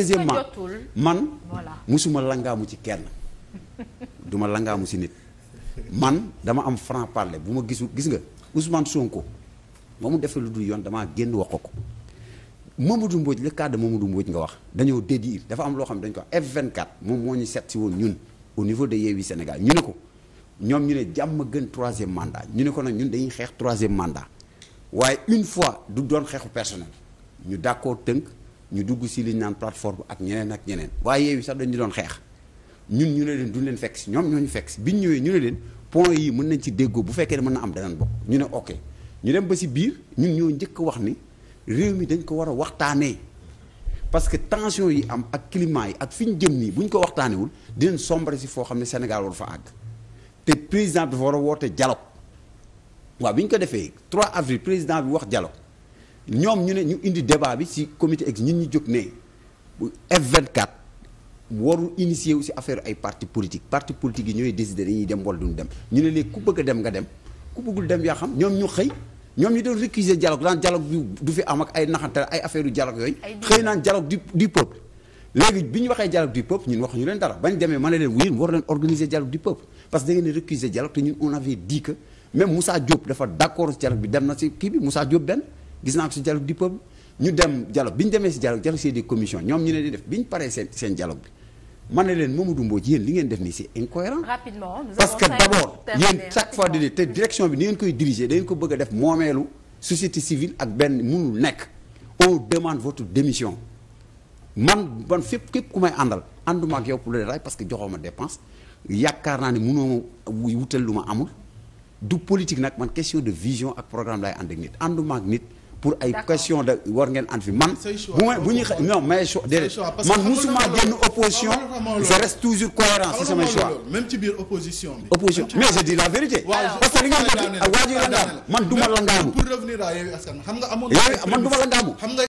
deuxièmement man musuma langaamu ci kenn duma langaamu ci nit man dama am franc parler bu ma gisu gis nga Ousmane Sonko ba mu defee lu dul yoon damaa génn wax ko Mamadou Mbodj le cas de Mamadou Mbodj nga wax dañoo dédire dafa am loo xam ne dañ ko F24 moom moo ñu seet si woon ñun au niveau de Yewwi Sénégal ñu ne ko ñoom ñu ne jàmm gën troisième mandat ñu ne ko nag ñun dañuy xeex troisième mandat waaye une fois du doon xeexu personnel ñu d'accord tënk ñu dugg si li ñu naan plateforme ak ñeneen ak ñeneen waaye Yewwi sax dañu doon xeex ñun ñu ne leen du leen fekk si ñoom ñoo ñu fekk si bi ñëwee ñu ne leen point yi mën nañ ci déggoo bu fekkee ne mën na am danañ bokk ñu ne ok ñu dem ba si biir ñun ñoo njëkk wax ni réew mi dañ ko war a waxtaanee parce que tension yi am ak climat yi ak fi ñu jëm nii bu ñu ko waxtaanewul leen sombre si foo xam ne Sénégal war fa àgg te président bi dafa war a woote dialogue waaw bi ñu ko defee trois avril président bi wax dialogue ñoom ñu ne ñu indi débat bi ci comité ex ñun ñu jóg ne F24 warul initier wu ci affaire ay parti politique parti politique yi ñooy décider dañuy dem wala duñ dem ñu ne léegi ku bëgg a dem nga dem ku bëggul dem yaa xam ñoom ñu xëy ñoom ñu doon récuser dialogue daan dialogue du fi am ak ay naxantale ay affaire yu dialogue yooyu xëy naan dialogue du du peuple léegi bi ñu waxee dialogue du peuple ñun ñu leen dara bañ demee ma ne leen wéyén war leen organiser dialogue du peuple parce que da ngeen récuser dialogue te ñun on bi dem na ci kii bi Moussa Diop benn gis naa ko si dialogue du peuple ñu dem dialogue bi ñu demee si dialogue dialogue c'est des commissions ñoom ñu ne di def bi ñu paree seen seen bi ma ne leen moom Mamadou Mbodj yéen li ngeen def nii si incohérent rapidement parce que d'abord yéen chaque fois di te direction bi ni ngeen koy diriger da ngeen ko bëgg def moomeelu société civile ak benn mënul nekk on demande votre démission man man fépp ku may àndal ànduma ak yow pour le parce que joxoo ma dépense yaakaar naa ne mënoo ma wutal lu ma amul du politique nag man question de vision ak programme laay ànd ak nit ànduma pour ay question de war ngeen ànd fi man bu ma bu ñuy non mais choix déedéet man musuma génn opposition je reste toujours cohérent si sama choix même opposition mais je dis la vérité parce que li nga wax waa ji langaamu man duma langaamu yooyu man duma langaamu